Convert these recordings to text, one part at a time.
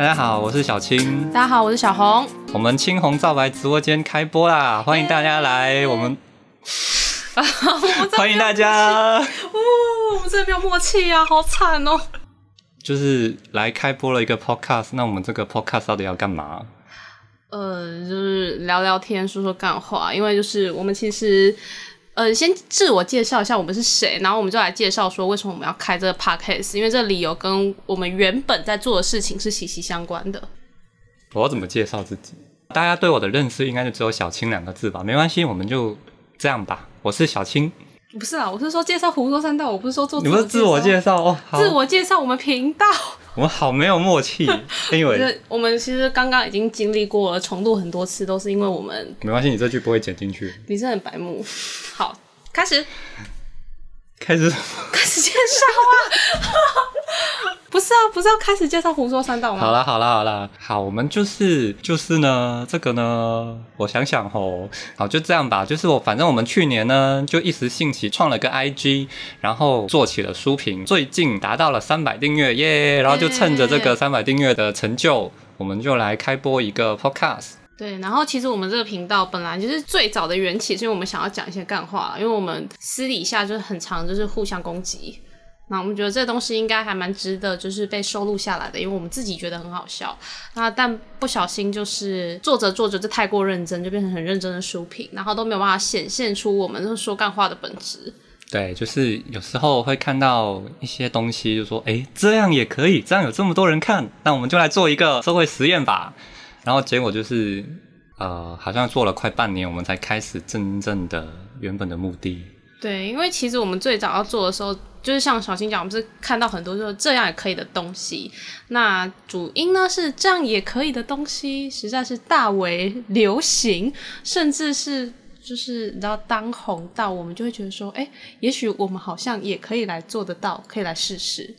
大家好，我是小青。大家好，我是小紅。我們青紅皂白直播間開播啦！歡迎大家來我們，歡迎大家。哦，我們這 邊 沒有默契呀、 啊，好慘哦。就是來開播了一個 podcast，那我們這個 podcast 到底要幹嘛？呃，就是聊聊天，說說幹話。因為就是我們其實。呃，先自我介紹一下，我們是誰，然後我們就來介紹說為什麼我們要開這個 podcast，因為這理由跟我們原本在做的事情是息息相關的。我怎麼介紹自己？大家對我的認識應該就只有小青兩個字吧？沒關係，我們就這樣吧。我是小青。不是啊，我是說介紹狐說三道，我不是說做。你們是自我介紹哦，好，自我介紹我們頻道。我們好沒有默契， 因為我們其實剛剛已經經歷過了重錄很多次，都是因為我們沒關係，你這句不會剪進去。你是很白目。好，開始。開始 開始介紹啊？ 不是啊，不是要開始介紹狐說三道嗎？好了好了好了，好，我們就是就是呢，這個呢，我想想吼，好就這樣吧，就是我反正我們去年呢就一時興起創了個 IG，然後做起了書評，最近達到了三百訂閱耶，yeah! 然後就趁着這個三百訂閱的成就、欸，我們就來開播一個 podcast。對，然後其實我們這個頻道本來就是最早的緣起，是因為我們想要講一些幹話，因為我們私底下就是很常就是互相攻擊，那我們覺得這東西應該還蠻值得就是被收錄下來的，因為我們自己覺得很好笑，那但不小心就是做着做着就太過認真，就變成很認真的書評，然後都沒有辦法顯現出我們說幹話的本質。對，就是有時候會看到一些東西，就說欸，這樣也可以，這樣有這麼多人看，那我們就來做一個社會實驗吧。然後結果就是，呃，好像做了快半年，我們才開始真正的原本的目的。對，因為其實我們最早要做的時候，就是像小新講，我們是看到很多就是這樣也可以的東西。那主因呢是這樣也可以的東西，實在是大為流行，甚至是就是你知道當紅到我們就會覺得說，哎，也許我們好像也可以來做得到，可以來試試。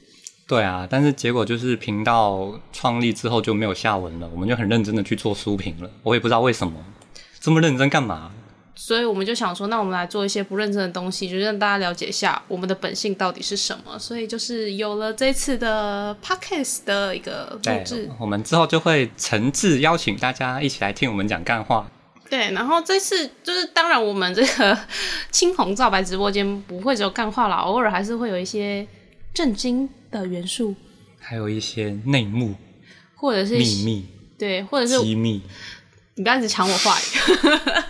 對啊，但是結果就是頻道創立之後就沒有下文了，我們就很認真的去做書評了。我也不知道為什麼這麼認真幹嘛，所以我們就想說，那我們來做一些不認真的東西，就是、讓大家了解一下我們的本性到底是什麼。所以就是有了這次的 podcast 的一個錄製，我們之後就會誠摯邀請大家一起來聽我們講幹話。對，然後這次就是當然我們這個青紅皂白直播間不會只有幹話啦，偶爾還是會有一些震驚的元素，還有一些內幕，或者是秘密，對，或者是機密，你不要一直搶我話語，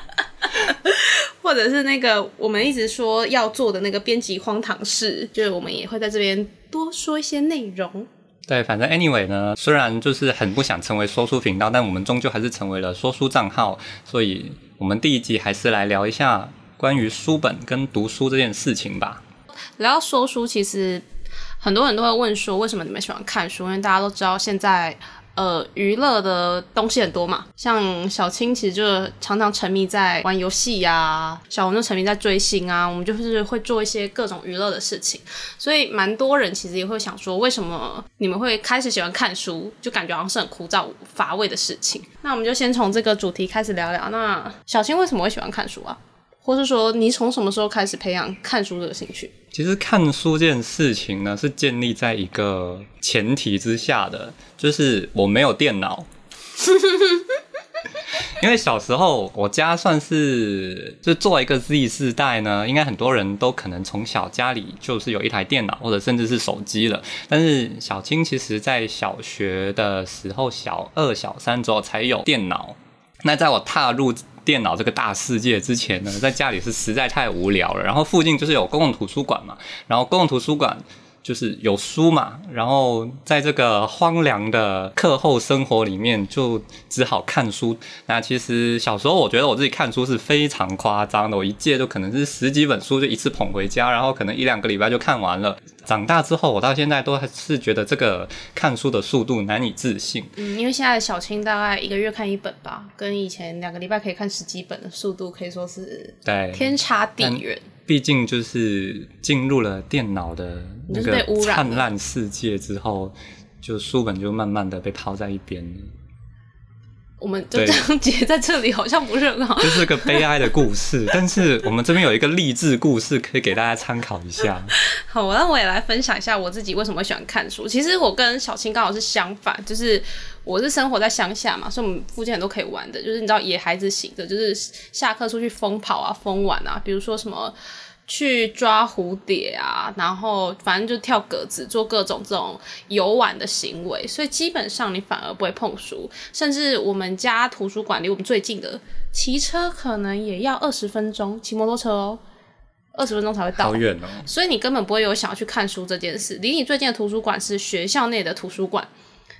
或者是那個我們一直說要做的那個編輯荒唐事，就是我們也會在這邊多說一些內容。對，反正 anyway 呢，雖然就是很不想成為說書頻道，但我們終究還是成為了說書賬號，所以，我們第一集還是來聊一下關於書本跟讀書這件事情吧。聊說書其實。很多人都會問說，為什麼你們喜歡看書？因為大家都知道，現在，呃，娛樂的東西很多嘛。像小青其實就常常沉迷在玩遊戲呀，小紅就沉迷在追星啊。我們就是會做一些各種娛樂的事情，所以蠻多人其實也會想說，為什麼你們會開始喜歡看書，就感覺好像是很枯燥乏味的事情。那我們就先從這個主題開始聊聊。那小青為什麼會喜歡看書啊？或是說，你從什麼時候開始培養看書這個興趣？其實看書這件事情呢，是建立在一個前提之下的，就是我沒有電腦。 因為小時候我家算是就作為一個 Z 世代呢，應該很多人都可能從小家裡就是有一台電腦，或者甚至是手機了。但是小青其實在小學的時候，小二、小三左右才有電腦。那在我踏入電腦這個大世界之前呢，在家裡是實在太無聊了。然後附近就是有公共圖書館嘛，然後公共圖書館。就是有書嘛，然後在這個荒涼的課後生活裡面，就只好看書。那其實小時候，我覺得我自己看書是非常誇張的，我一借就可能是十幾本書就一次捧回家，然後可能一兩個禮拜就看完了。長大之後，我到現在都還是覺得這個看書的速度難以置信。嗯，因為現在小青大概一個月看一本吧，跟以前兩個禮拜可以看十幾本的速度可以說是天差地遠。畢竟就是進入了電腦的那個燦爛世界之後，就書本就慢慢的被拋在一邊了。我們就這樣結在這裡，好像不是很好，就是一個悲哀的故事。 但是我們這邊有一個勵志故事，可以給大家參考一下。 好，那我也來分享一下我自己為什麼會喜歡看書。其實我跟小青剛好是相反，就是我是生活在鄉下嘛，所以我們附近很多可以玩的，就是你知道野孩子型的，就是下課出去瘋跑啊、瘋玩啊，比如說什麼。去抓蝴蝶啊，然後反正就跳格子，做各種這種遊玩的行為，所以基本上你反而不會碰書。甚至我們家圖書館離我們最近的，騎車可能也要二十分鐘，騎摩托車哦，二十分鐘才會到。好遠哦！所以你根本不會有想要去看書這件事。離你最近的圖書館是學校內的圖書館，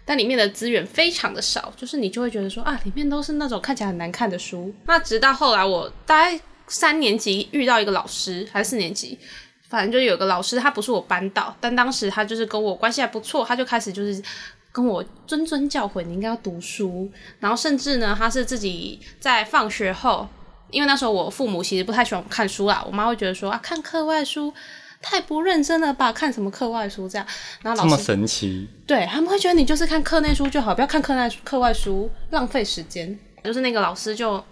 但裡面的資源非常的少，就是你就會覺得說啊，裡面都是那種看起來很難看的書。那直到後來我大概。三年級遇到一個老師，還是四年級，反正就有一個老師，他不是我班導，但當時他就是跟我關係還不錯，他就開始就是跟我諄諄教誨，你應該要讀書。然後甚至呢，他是自己在放學後，因為那時候我父母其實不太喜歡看書啦，我媽會覺得說啊，看課外書太不認真了吧，看什麼課外書這樣。然後老師這麼神奇，對，他們會覺得你就是看課內書就好，不要看課外課外書，浪費時間。就是那個老師就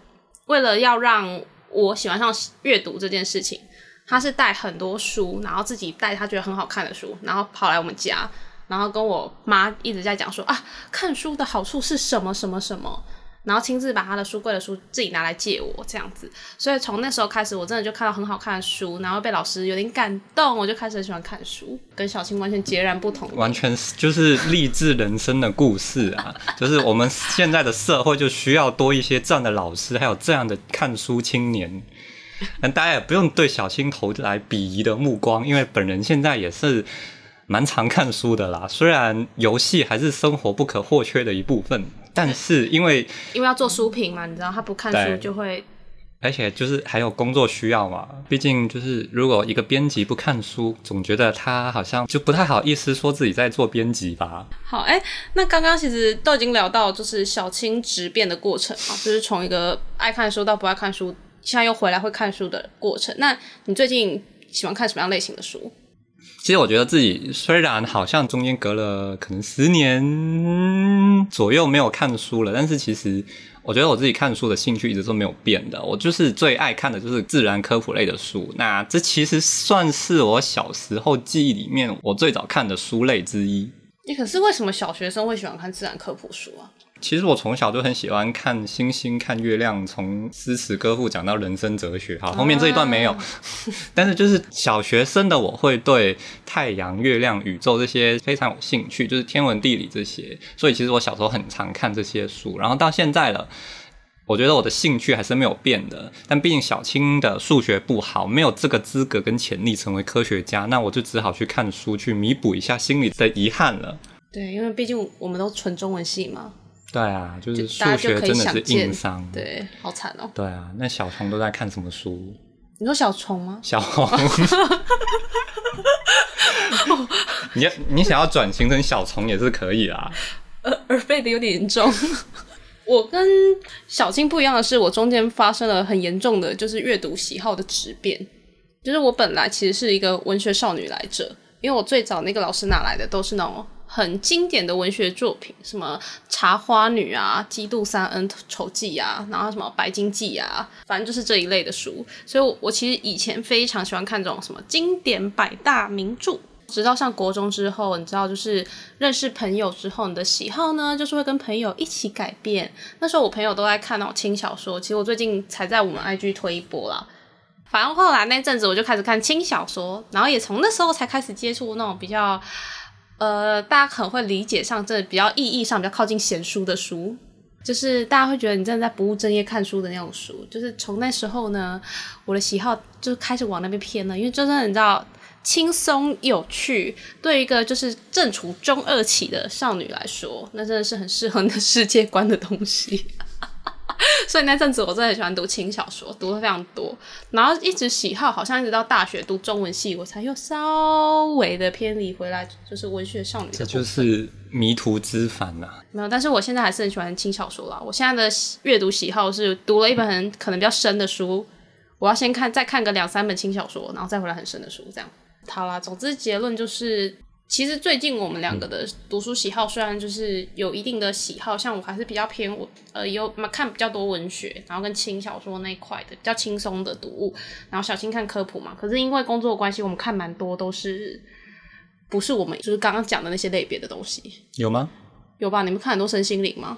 為了要讓。我喜歡上閱讀這件事情。他是帶很多書，然後自己帶他覺得很好看的書，然後跑來我們家，然後跟我媽一直在講說啊，看書的好處是什麼什麼什麼什麼。然後親自把他的書櫃的書自己拿來借我，這樣子。所以從那時候開始，我真的就看到很好看的書，然後被老師有點感動，我就開始很喜歡看書，跟小青完全截然不同。完全是就是勵志人生的故事啊， 就是我們現在的社會就需要多一些這樣的老師，還有這樣的看書青年。那大家也不用對小青投來鄙夷的目光，因為本人現在也是蠻常看書的啦。雖然遊戲還是生活不可或缺的一部分。但是因為因為要做書評嘛，你知道他不看書就會，而且就是還有工作需要嘛。畢竟就是如果一個編輯不看書，總覺得他好像就不太好意思說自己在做編輯吧。好，哎，那剛剛其實都已經聊到就是小青質變的過程啊，就是從一個愛看書到不愛看書，現在又回來會看書的過程。那你最近喜歡看什麼樣類型的書？其實我覺得自己雖然好像中間隔了可能十年左右沒有看書了，但是其實我覺得我自己看書的興趣一直都沒有變的。我就是最愛看的就是自然科普類的書。那這其實算是我小時候記憶裡面我最早看的書類之一。你可是為什麼小學生會喜歡看自然科普書啊？其實我從小就很喜歡看星星、看月亮，從詩詞歌賦講到人生哲學。好，後面這一段沒有，啊，但是就是小學生的我會對太陽、月亮、宇宙這些非常有興趣，就是天文地理這些。所以其實我小時候很常看這些書，然後到現在了，我覺得我的興趣還是沒有變的。但畢竟小青的數學不好，沒有這個資格跟潛力成為科學家，那我就只好去看書去彌補一下心裡的遺憾了。對，因為畢竟我們都純中文系嘛。對啊，就是數學真的是硬傷，對，好慘哦。對啊，那小蟲都在看什麼書？你說小蟲嗎？小蟲，oh. oh. 你你想要轉型成小蟲也是可以啦，啊。而 、呃、耳背的有點嚴重。 我跟小青不一樣的是，我中間發生了很嚴重的，就是閱讀喜好的質變。就是我本來其實是一個文學少女來着，因為我最早那個老師拿來的都是那種。很經典的文學作品，什麼《茶花女》啊，《基督山恩仇記》啊，然後什麼《白鯨記》啊，反正就是這一類的書。所以我，我其實以前非常喜歡看這種什麼經典百大名著。直到上國中之後，你知道，就是認識朋友之後，你的喜好呢，就是會跟朋友一起改變。那時候我朋友都在看那種輕小說，其實我最近才在我們 IG 推一波啦。反正後來那陣子，我就開始看輕小說，然後也從那時候才開始接觸那種比較。呃，大家可能會理解上這比較意義上比較靠近閒書的書，就是大家會覺得你真的在不務正業看書的那種書。就是從那時候呢，我的喜好就開始往那邊偏了，因為真的你知道，輕鬆有趣，對一個就是正處中二期的少女來說，那真的是很適合那世界觀的東西。 所以那陣子我真的很喜歡讀輕小說，讀了非常多，然後一直喜好好像一直到大學讀中文系，我才又稍微的偏離回來，就是文學少女。這就是迷途知返吶。沒有，但是我現在還是很喜歡輕小說啦。我現在的閱讀喜好是讀了一本很可能比較深的書，我要先看再看個兩三本輕小說，然後再回來很深的書這樣。好啦，總之結論就是。其實最近我們兩個的讀書喜好，雖然就是有一定的喜好，像我還是比較偏文，呃，有嘛看比較多文學，然後跟輕小說那一塊的比較輕鬆的讀物，然後小青看科普嘛。可是因為工作關係，我們看蠻多都是不是我們就是剛剛講的那些類別的東西，有嗎？有吧？你們看很多身心靈嗎？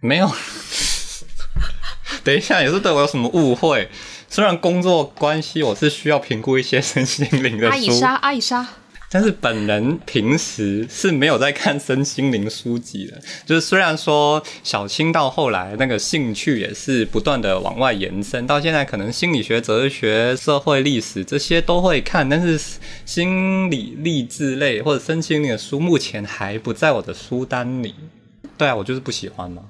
沒有。 等一下，也是對我有什麼誤會？雖然工作關係，我是需要評估一些身心靈的書。阿以莎，阿以莎。但是本人平時是沒有在看身心靈書籍的，就是雖然說小青到後來那個興趣也是不斷的往外延伸，到現在可能心理學、哲學、社會、歷史這些都會看，但是心理勵志類或者身心靈的書目前還不在我的書單裡。對啊，我就是不喜歡嘛。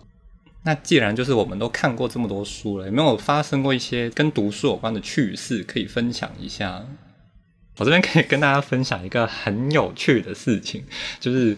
那既然就是我們都看過這麼多書了，有沒有發生過一些跟讀書有關的趣事可以分享一下？我這邊可以跟大家分享一個很有趣的事情，就是。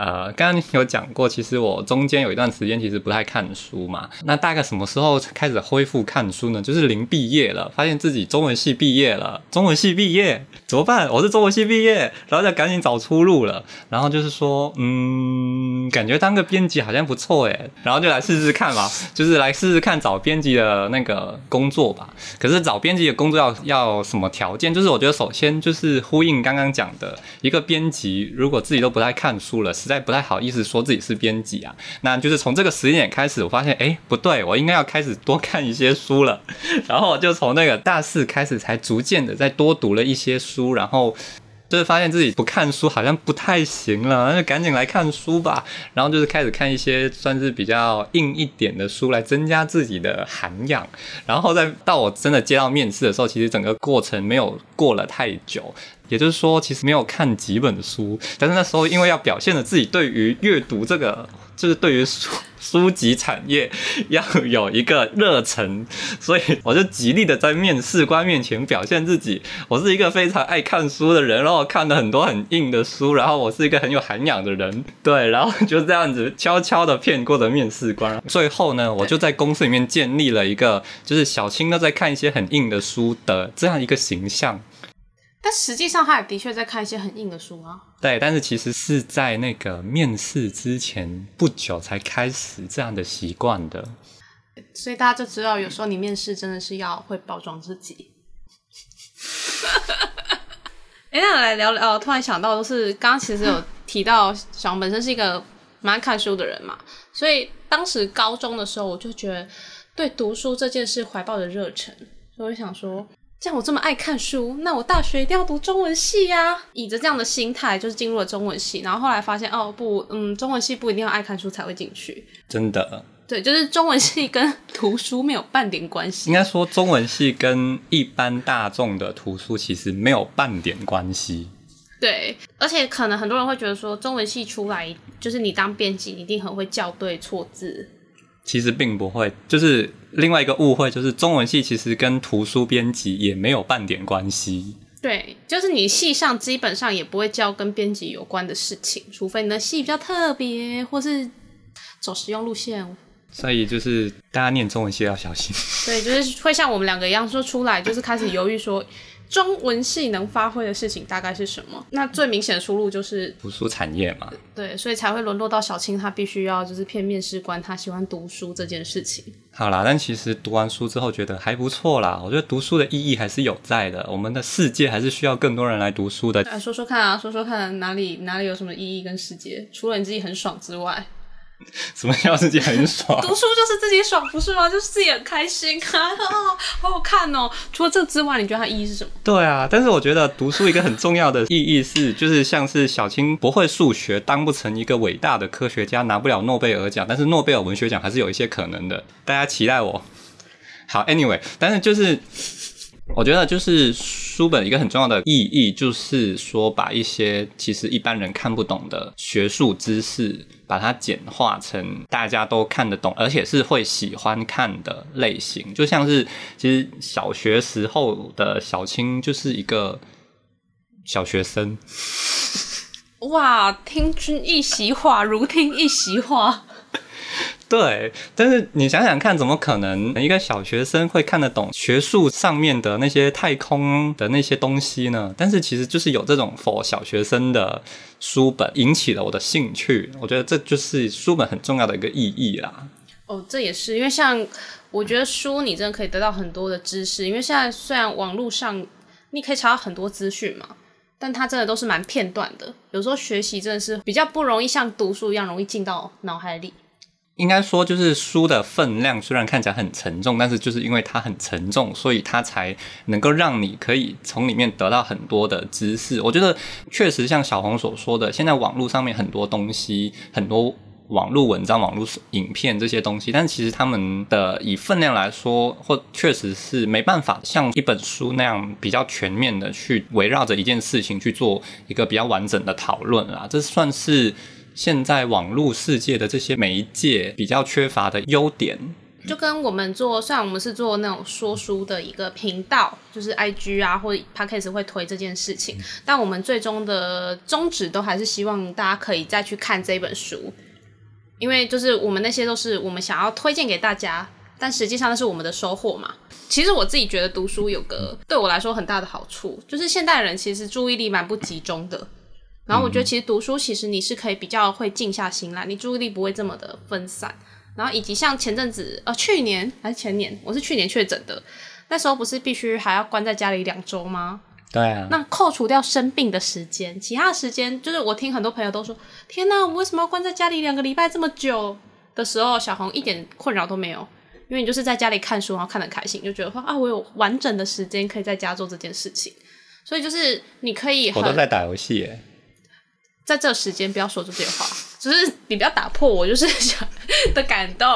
呃，剛剛有講過，其實我中間有一段時間其實不太看書嘛。那大概什麼時候開始恢復看書呢？就是臨畢業了，發現自己中文系畢業了，中文系畢業怎麼辦？我是中文系畢業，然後就趕緊找出路了。然後就是說，嗯，感覺當個編輯好像不錯哎，然後就來試試看吧，就是來試試看找編輯的那個工作吧。可是找編輯的工作要要什麼條件？就是我覺得首先就是呼應剛剛講的一個編輯，如果自己都不太看書了是。實在不太好意思說自己是編輯啊，那就是從這個時間點開始，我發現，哎，不對，我應該要開始多看一些書了，然後就從那個大四開始，才逐漸的再多讀了一些書，然後。就是發現自己不看書好像不太行了，那就趕緊來看書吧。然後就是開始看一些算是比較硬一點的書，來增加自己的涵養。然後再到我真的接到面試的時候，其實整個過程沒有過了太久，也就是說，其實沒有看幾本書。但是那時候因為要表現的自己對於閱讀這個。就是對於書書籍產業要有一個熱忱，所以我就極力的在面試官面前表現自己，我是一個非常愛看書的人，然後我看了很多很硬的書，然後我是一個很有涵養的人，對，然後就這樣子悄悄的騙過了面試官。最後呢，我就在公司裡面建立了一個，就是小青都在看一些很硬的書的這樣一個形象。但實際上，他也的確在看一些很硬的書啊。對，但是其實是在那個面試之前不久才開始這樣的習慣的。所以大家就知道，有時候你面試真的是要會包裝自己。哎 呀、 欸，那我來聊聊，突然想到、就是，都是剛剛其實有提到，小 王本身是一個蠻看書的人嘛，所以當時高中的時候，我就覺得對讀書這件事懷抱着熱忱，所以我想說。像我這麼愛看書，那我大學一定要讀中文系呀、啊！以着這樣的心態，就是進入了中文系，然後後來發現，哦不，嗯，中文系不一定要愛看書才會進去。真的？對，就是中文系跟讀書沒有半點關係。 應該說，中文系跟一般大眾的讀書其實沒有半點關係。對，而且可能很多人會覺得說，中文系出來就是你當編輯一定很會校對錯字。其實並不會，就是。另外一個誤會就是，中文系其實跟圖書編輯也沒有半點關係。對，就是你系上基本上也不會教跟編輯有關的事情，除非你的系比較特別，或是走實用路線。所以就是大家念中文系要小心。 對，就是會像我們兩個一樣說出來，就是開始猶豫說。中文系能發揮的事情大概是什麼？那最明顯的出路就是讀書產業嘛。對，所以才會淪落到小青，她必須要就是騙面試官，她喜歡讀書這件事情。好啦，但其實讀完書之後覺得還不錯啦。我覺得讀書的意義還是有在的，我們的世界還是需要更多人來讀書的。來說說看啊，說說看哪裡哪裡有什麼意義跟世界，除了你自己很爽之外。什麼叫自己很爽？讀書就是自己爽，不是嗎？就是自己很開心啊！好好看哦。除了這之外，你覺得它的意義是什麼？對啊，但是我覺得讀書一個很重要的意義是， 就是像是小青不會數學，當不成一個偉大的科學家，拿不了諾貝爾獎，但是諾貝爾文學獎還是有一些可能的。大家期待我。好，Anyway，但是就是，我覺得就是書本一個很重要的意義，就是說把一些其實一般人看不懂的學術知識。把它簡化成大家都看得懂，而且是會喜歡看的類型，就像是其實小學時候的小青就是一個小學生。哇，聽君一席話，如聽一席話。對，但是你想想看，怎麼可能一個小學生會看得懂學術上面的那些太空的那些東西呢？但是其實就是有這種 for 小學生的書本，引起了我的興趣。我覺得這就是書本很重要的一個意義啦。哦，這也是因為像我覺得書，你真的可以得到很多的知識。因為現在雖然網絡上你可以查到很多資訊嘛，但它真的都是蠻片段的。有時候學習真的是比較不容易，像讀書一樣容易進到腦海裡。應該說，就是書的分量雖然看起來很沉重，但是就是因為它很沉重，所以它才能夠讓你可以從裡面得到很多的知識。我覺得確實像小紅所說的，現在網絡上面很多東西，很多網絡文章、網絡影片這些東西，但其實他們的以分量來說，或確實是沒辦法像一本書那樣比較全面的去圍繞着一件事情去做一個比較完整的討論啦。這算是。現在網絡世界的這些媒介比較缺乏的優點，就跟我們做，雖然我們是做那種說書的一個頻道，就是 IG 啊或者 Podcast 會推這件事情，嗯，但我們最終的宗旨都還是希望大家可以再去看這本書，因為就是我們那些都是我們想要推薦給大家，但實際上那是我們的收穫嘛。其實我自己覺得讀書有個對我來說很大的好處，就是現代人其實注意力蠻不集中的。然後我覺得其實讀書，其實你是可以比較會靜下心來，你注意力不會這麼的分散。然後以及像前陣子，呃，去年還是前年，我是去年確診的，那時候不是必須還要關在家裡兩周嗎？對啊。那扣除掉生病的時間，其他時間就是我聽很多朋友都說，天哪，我為什麼要關在家裡兩個禮拜這麼久的時候，小紅一點困擾都沒有，因為你就是在家裡看書，然後看得開心，就覺得說啊，我有完整的時間可以在家做這件事情。所以就是你可以很，我都在打遊戲耶。在這時間不要說這些話，就是你不要打破我就是想的感動。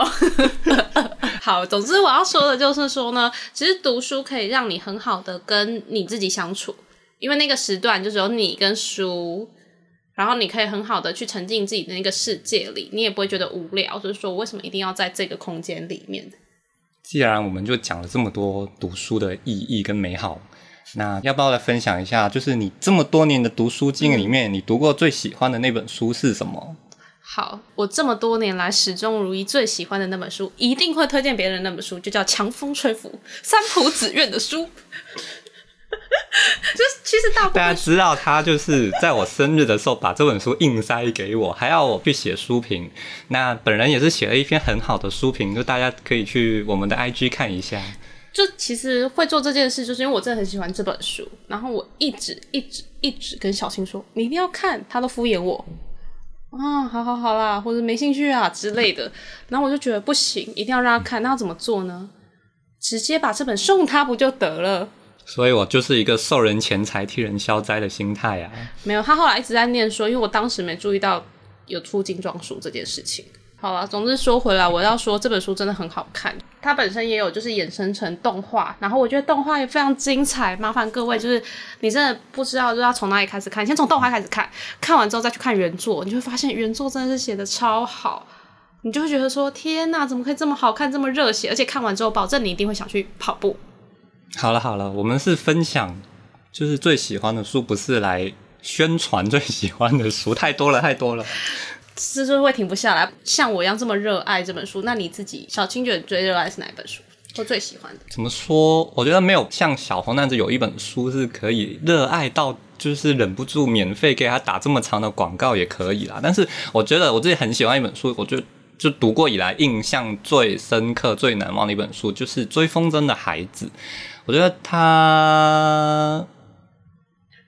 好，總之我要說的就是說呢，其實讀書可以讓你很好的跟你自己相處，因為那個時段就只有你跟書，然後你可以很好的去沉浸自己的那個世界裡，你也不會覺得無聊。就是說，為什麼一定要在這個空間裡面？既然我們就講了這麼多讀書的意義跟美好。那要不要來分享一下？就是你這麼多年的讀書經歷裡面，嗯，你讀過最喜歡的那本書是什麼？好，我這麼多年來始終如一最喜歡的那本書，一定會推薦別人那本書，就叫《強風吹拂》，三浦紫苑的書。就是 其實大部分大家知道他就是在我生日的時候把這本書硬塞給我，還要我去寫書評。那本人也是寫了一篇很好的書評，就大家可以去我們的 IG 看一下。就其實會做這件事，就是因為我真的很喜歡這本書，然後我一直一直一直跟小青說，你一定要看，他都敷衍我啊，好好好啦，或者沒興趣啊之類的，然後我就覺得不行，一定要讓他看，那要怎麼做呢？直接把這本送他不就得了？所以我就是一個受人錢財替人消災的心態啊。沒有，他後來一直在念說，因為我當時沒注意到有出精裝書這件事情。好了啊，總之說回來，我要說這本書真的很好看，它本身也有就是衍生成動畫，然後我覺得動畫也非常精彩。麻煩各位就是你真的不知道就要從哪裡開始看，你先從動畫開始看，看完之後再去看原作，你就會發現原作真的是寫的超好，你就會覺得說天哪啊，怎麼可以這麼好看，這麼熱血，而且看完之後保證你一定會想去跑步。好了好了，我們是分享就是最喜歡的書，不是來宣傳最喜歡的書，太多了太多了。就是會停不下來，像我一樣這麼熱愛這本書。那你自己小青卷最熱愛是哪本書？我最喜歡的？怎麼說？我覺得沒有像小紅那樣子有一本書是可以熱愛到，就是忍不住免費給他打這麼長的廣告也可以啦。但是我覺得我自己很喜歡一本書，我就就讀過以來印象最深刻、最難忘的一本書就是《追風箏的孩子》。我覺得他，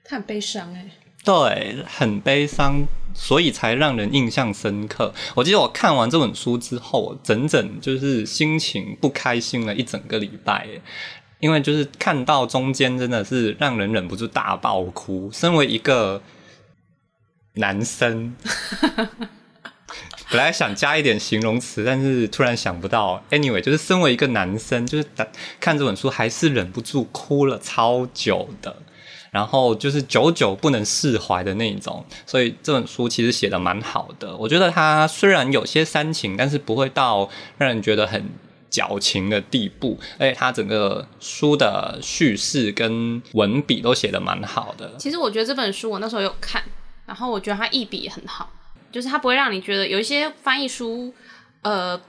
他很悲傷哎、欸。對，很悲傷。所以才讓人印象深刻。我記得我看完這本書之後，整整就是心情不開心了一整個禮拜，因為就是看到中間真的是讓人忍不住大爆哭。身為一個男生， 本來想加一點形容詞，但是突然想不到。Anyway，就是身為一個男生，就是看這本書還是忍不住哭了超久的。然後就是久久不能釋懷的那種，所以這本書其實寫得蠻好的。我覺得它雖然有些煽情，但是不會到讓人覺得很矯情的地步。而且它整個書的敘事跟文筆都寫得蠻好的。其實我覺得這本書我那時候有看，然後我覺得它譯筆很好，就是它不會讓你覺得有一些翻譯書，呃。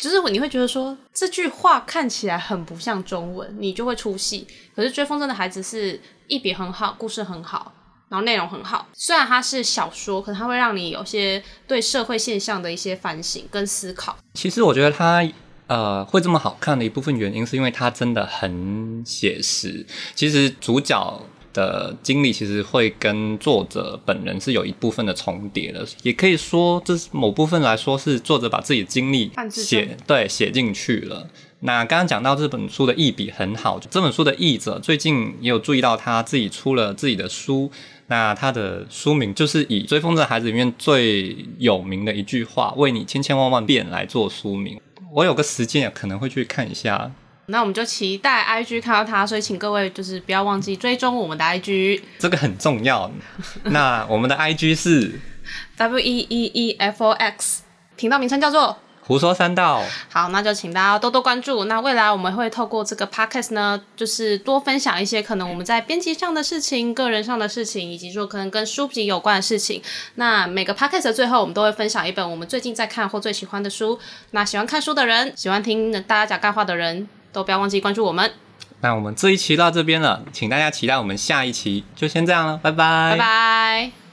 就是你會覺得說這句話看起來很不像中文，你就會出戲。可是《追風箏的孩子》是一筆很好，故事很好，然後內容很好。雖然它是小說，可能它會讓你有些對社會現象的一些反省跟思考。其實我覺得它呃會這麼好看的一部分原因是因為它真的很寫實。其實主角。的經歷其實會跟作者本人是有一部分的重疊的，也可以說這是某部分來說是作者把自己的經歷寫對寫進去了。那剛剛講到這本書的譯筆很好，這本書的譯者最近也有注意到他自己出了自己的書，那他的書名就是以《追風箏的孩子》裡面最有名的一句話“為你千千萬萬遍”來做書名。我有個時間可能會去看一下。那我們就期待 IG 看到他。所以請各位就是不要忘記追蹤我們的 IG，這個很重要。 那我們的 IG 是 W E E E F O X，頻道名稱叫做胡說三道。好，那就請大家多多關注。那未來我們會透過這個 Podcast 呢，就是多分享一些可能我們在編輯上的事情、個人上的事情，以及說可能跟書籍有關的事情。那每個 Podcast 的最後我們都會分享一本我們最近在看或最喜歡的書。那喜歡看書的人，喜歡聽大家講幹話的人。都不要忘記關注我們。那我們這一期到這邊了，請大家期待我們下一期。就先這樣了，拜拜，拜拜。